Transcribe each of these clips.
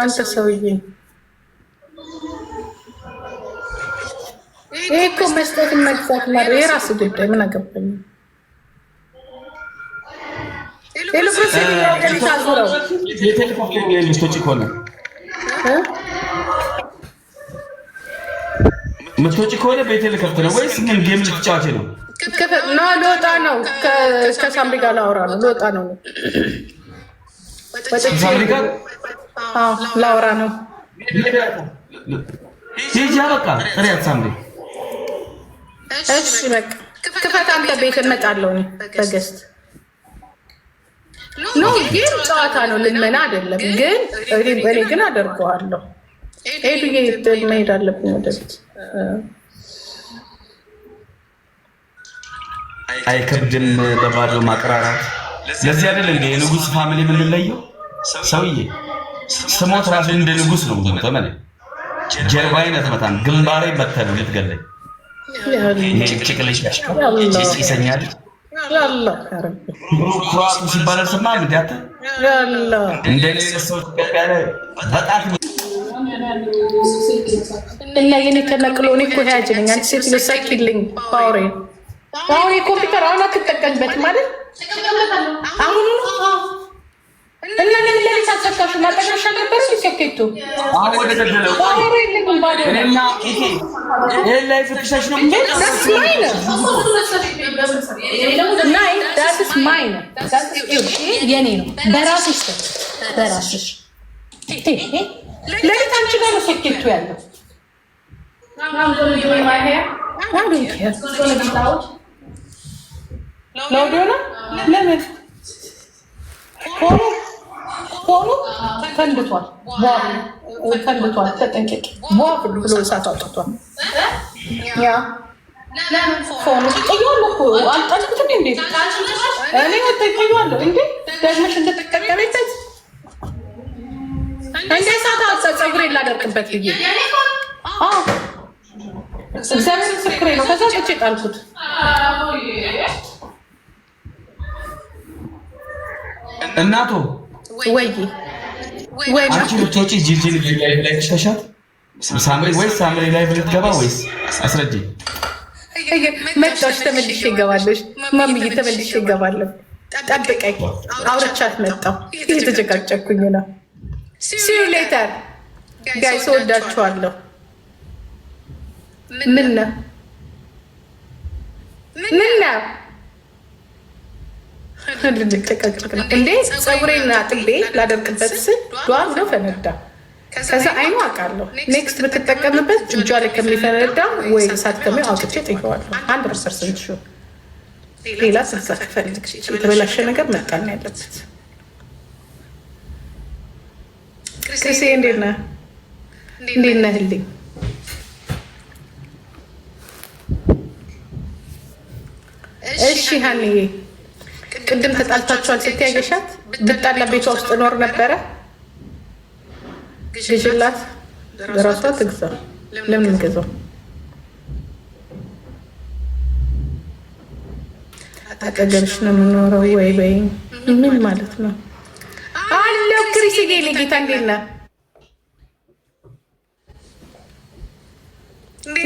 አንተ ሰውዬ ይህ እኮ መስጠት መግዛት ማለት የራስ ጉዳይ ምን አገባኝ። ምትወጪ ከሆነ ቤቴ ልከፍት ነው ወይስ ምን ጌም ልትጫወቺ ነው? ልወጣ ነው። ከሳምሪ ጋር ላወራ ነው። ልወጣ ነው። ላውራ ነው። ሂጂ በቃ ጥሪያት እሺ በቃ ክፈት አንተ ቤት እመጣለሁ በገስት ኖ ጨዋታ ነው ልመና አይደለም። ግን እኔ ግን አደርገዋለሁ። ኤዱዬ መሄድ አለብኝ አይከብድም በባዶ ማቅራራት። ለዚህ አይደል እንደ የንጉሥ ፋሚሊ የምንለየው ሰውዬ ስሞት ራሱ እንደ ንጉስ ነው ገብቶ ማለት ጀርባዬን አትመታም፣ ግንባሬ ነው ልትገለኝ። ይሄ ይሰኛል። ኩራቱ ሲባል ስማ ምንዲያተ እንደ በጣት እና የኔ ተነቅሎ እኔ እኮ ያጅ ነኝ። አንቺ ሴት ባውሬ አሁን አትጠቀምበት ማለት አሁን የኔ ነው በራስሽ በራስሽ ለቤት አንቺ ለምን ሆኖ ፈንድቷል፣ ፈንድቷል። ተጠንቀቂ። ዋ ብሎ እሳት አውጥቷል። ሆኑ ጥያለሁ እኮ አልጣልኩት እንዴ እኔ ተጠቅያለሁ እንዴ ደግመሽ እንደተጠቀመበት እንዴ እሳት አውጥታ ፀጉር የላደርቅበት ብዬ እግዚአብሔር ምስክሬ ነው። ከዛ ጭቼ ጣልኩት። እናቱ ወይ ወይ አንቺ ብትወጪ ጂልጂል ላይ ላይ ተሻሻት ወይስ ሳምሪ ላይ ልትገባ ወይስ አስረጂ። መጣሽ ተመልሽ ይገባለሽ። ማምዬ ተመልሼ ይገባለሁ። ጠብቀኝ። አውርቻት መጣሁ። እየተጨቃጨኩኝ ነው። ሲዩ ሌተር ጋይስ፣ እወዳችኋለሁ። ምን ነው ምን ነው ልንጨቀጭቅ ነው እንዴ? ፀጉሬና ጥቤ ላደርቅበት ስል ዷ ነው ፈነዳ። ከዛ አይኑ አውቃለሁ። ኔክስት ብትጠቀምበት እጇ ላይ ከሚፈነዳ ወይ ከሚ አውጥቼ ጥየዋለሁ። አንድ ብስር ስንት ሌላ ስልሳ ትፈልግ የተበላሸ ነገር መጣል ነው ያለበት። ክሴ እንዴት ነህ? እንዴት ህልኝ እሺ ሀንዬ ቅድም ተጣልታችኋል ስትይ አየሻት? ብጣላ ቤቷ ውስጥ ኖር ነበረ ግሽላት ራሷ ትግዛ። ለምን እንገዛው? አጠገብሽ ነው የምኖረው ወይ ወይ ምን ማለት ነው አለው። ክሪስ ጌ ጌታ እንዴት ነህ?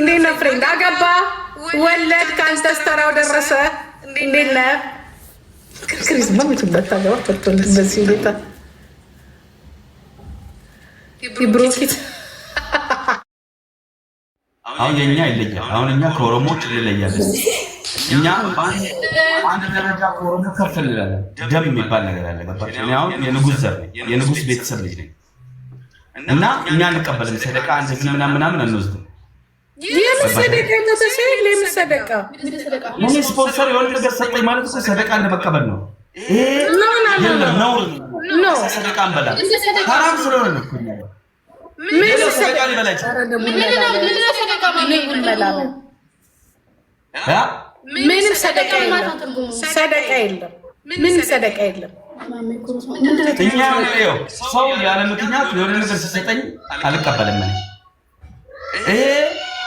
እንዴት ነህ ፍሬንድ? አገባ ወለድ፣ ከአንተስ ተራው ደረሰ። እንዴት ነህ? ክሪስማ ምትበት አገባ ፈቶለት በዚህ ሁኔታ የብሮኬት አሁን የኛ ይለያል። አሁን እኛ ከኦሮሞዎች እንለያለን። እኛ አንድ ደረጃ ከኦሮሞ ከፍ እንላለን። ደም የሚባል ነገር አለ። ገባች። እኔ አሁን የንጉስ ዘር ነኝ፣ የንጉስ ቤተሰብ ልጅ ነኝ እና እኛ አንቀበልም። ሰደቃ እንደዚህ ምናምን ምናምን አንወስድም የምን ሰደቃ ስፖንሰር የሆነ ነገር ሰጠኝ ማለት እኮ ሰደቃ እንደመቀበል ነው። ሰደቃ እንበላ ሀራም ስለሆነ ነው። ምንም ሰደቃ የለም። ምንም ሰደቃ የለም። እኛ ሰው ያለ ምክንያት የሆነ ነገር ሲሰጠኝ አልቀበልም።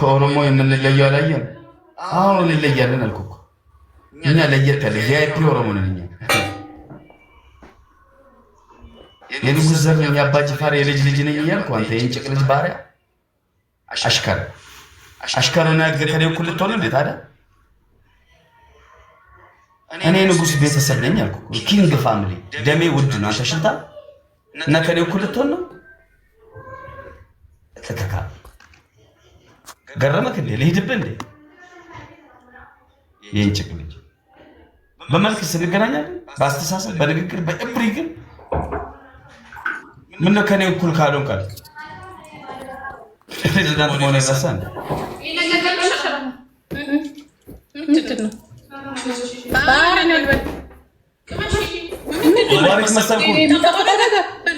ከኦሮሞ የምንለየው አላየን። አሁን እንለያለን አልኩ እኮ እኛ ለየት ያለ ቪአይፒ ኦሮሞ ነን እኛ። የንጉሥ ዘር ነኝ የአባ ጅፋር የልጅ ልጅ ነኝ እያልኩ አንተ የእንጭቅ ልጅ ባሪያ አሽከር አሽከር አሽከርና ገከሬ እኩል ልትሆን እንዴ ታዲያ? እኔ ንጉስ ቤተሰብ ነኝ አልኩ። ኪንግ ፋሚሊ ደሜ ውድ ነው። አንተ ሽንታ እና ከኔ እኩል ልትሆን ነው ተተካ ገረመክ እንዴ? ልሂድብህ እንዴ? የእንጭቅ ልጅ በመልክ ስንገናኛለን፣ በአስተሳሰብ በንግግር በእብሪ ግን ምነው ከኔ እኩል ካልሆን ቃል ፕሬዚዳንት መሆን ይረሳ እንዴ? ነው?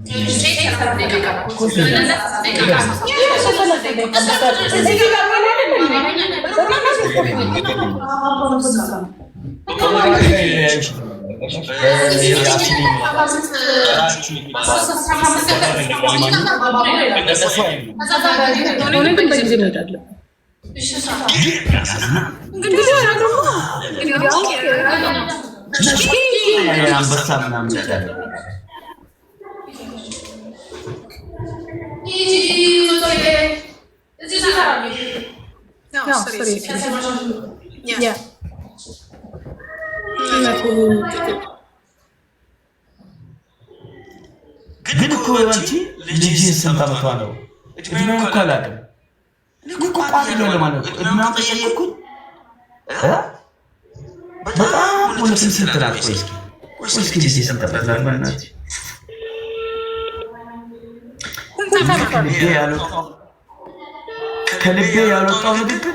አንበሳ ምናምን sorry. Yeah. yeah. ግን እኮ ልጅ ስንት ነው? እድሜ እኮ አላውቅም። ቋሚ ነው ለማለት እድሜ በጣም ስንት ናት? ቆይ እስኪ ልጅ ስንት ናት? ከልቤ ያልወጣው ንግግር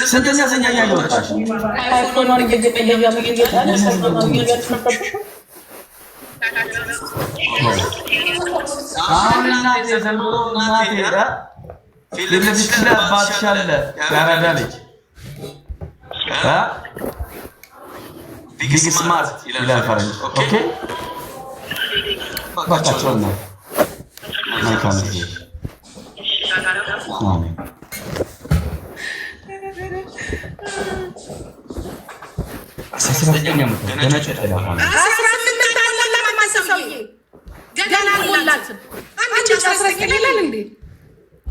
ስንተኛ ዘኛ እያየ ወጣሽ? Filistler Batşan'la beraberlik. Ha? Big, Big Smart, smart iler Farenc. Okey? Okay. Bak, Bak aç ondan. Ne kalmış? Amin. Sesi bak dinle mi? Dene çöpe yapalım. Dene çöpe yapalım. Dene çöpe yapalım.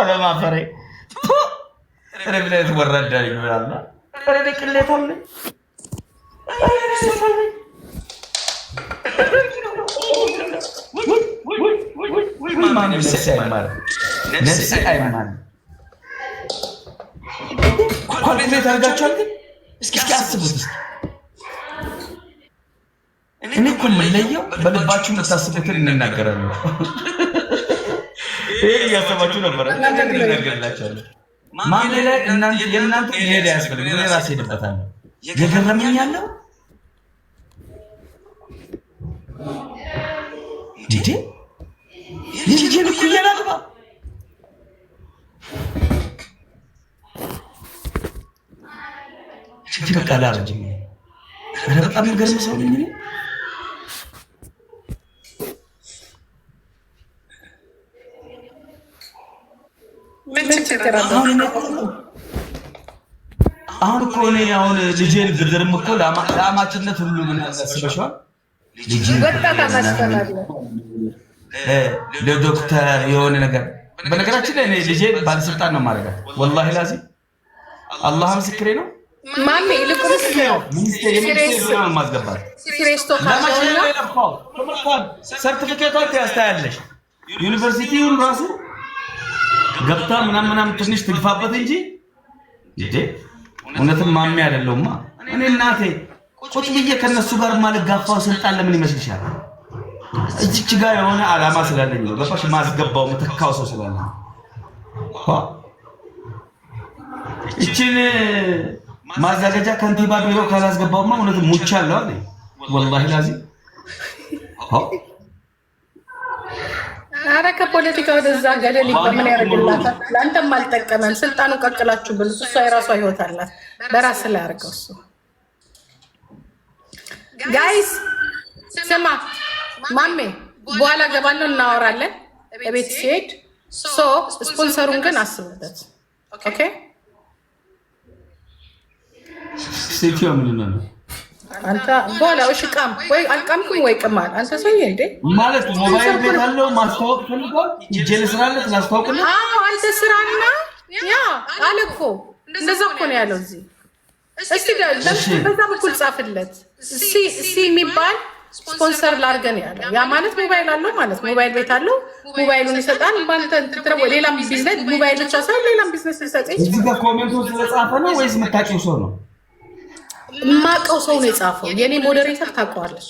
አለማፈሬ ረብለት ወረዳ ይብላል ረደቅሌታለ ነፍሴ አይማር ኳልኩሌት አድርጋችኋል ግን እስኪ አስቡት እኔ እኮ የምንለየው በልባችሁ የምታስቡትን እንናገራለን ይሄን እያሰባችሁ ነበረ። እናንተ ግን ማሜ ላይ የእናንተ መሄድ አያስፈልግም። እኔ ራሴ ሄድበታለሁ። የገረመኝ ያለው ዲዴ ልኩ እያላግባ ችግር በጣም ገርም ሰው ነኝ አሁን እኮ እኔ አሁን ልጄን ብድርም እኮ ለአማችነት ሁሉ ምን ለዶክተር የሆነ ነገር በነገራችን ላይ እኔ ልጄን ባለስልጣን ነው ማድረጋት። ወላሂ ላዚ አላህ ምስክሬ ነው። ማሜ ይልቁንስ ያስታያለሽ ዩኒቨርሲቲውን ራሱ ገብታ ምናም ምናም ትንሽ ትግፋበት እንጂ እንዴ እውነትም ማሜ አይደለውማ። እኔ እናቴ ቁጭ ብዬ ከነሱ ጋር ማልጋፋው ስልጣን ለምን ይመስልሻል? እጅች ጋር የሆነ አላማ ስላለኝ ነው። ገፋሽ ማስገባው ምትካው ሰው ስላለ እችን ማዘጋጃ ከንቲባ ቢሮ ካላስገባውማ እውነት ሙቻለሁ አለ ወላሂ ላዚ አረ ከፖለቲካ ወደዛ ገደል ምን ያደርግላታል? ለአንተም አልጠቀመም። ስልጣኑ ቀቅላችሁ ብልጽ። እሷ የራሷ ህይወት አላት። በራስ ላይ አድርገው። እሱ ጋይስ ስማ ማሜ፣ በኋላ ገባለሁ እናወራለን። እቤት ሲሄድ ሶ ስፖንሰሩን ግን አስብበት። ኦኬ ሴትዮዋ ነው? አንተ በኋላ እሺ ቃም ወይ አልቃምኩም ወይ ቅማል። አንተ ሰውዬ እንዴ ማለት ሞባይል ቤት አለው ማስተዋወቅ ፈልጓል። እጄ ልስራለት ላስተዋውቅልህ። አዎ አንተ ስራና ያ አለ እኮ እንደዛ እኮ ነው ያለው። እዚህ እስቲ በዛ በኩል ጻፍለት ሲ ሲ የሚባል ስፖንሰር ላርገን ያለው ያ ማለት ሞባይል አለው ማለት ሞባይል ቤት አለው። ሞባይሉን ይሰጣል። ባንተ ትትረ ሌላም ቢዝነስ ሞባይል ብቻ ሳይሆን ሌላም ቢዝነስ ሊሰጥ ይችላል። እዚህ ጋር ኮሜንቱ ስለጻፈ ነው ወይስ የምታውቂው ሰው ነው? የማውቀው ሰው ነው የጻፈው። የኔ ሞዴሬተር ታውቀዋለች።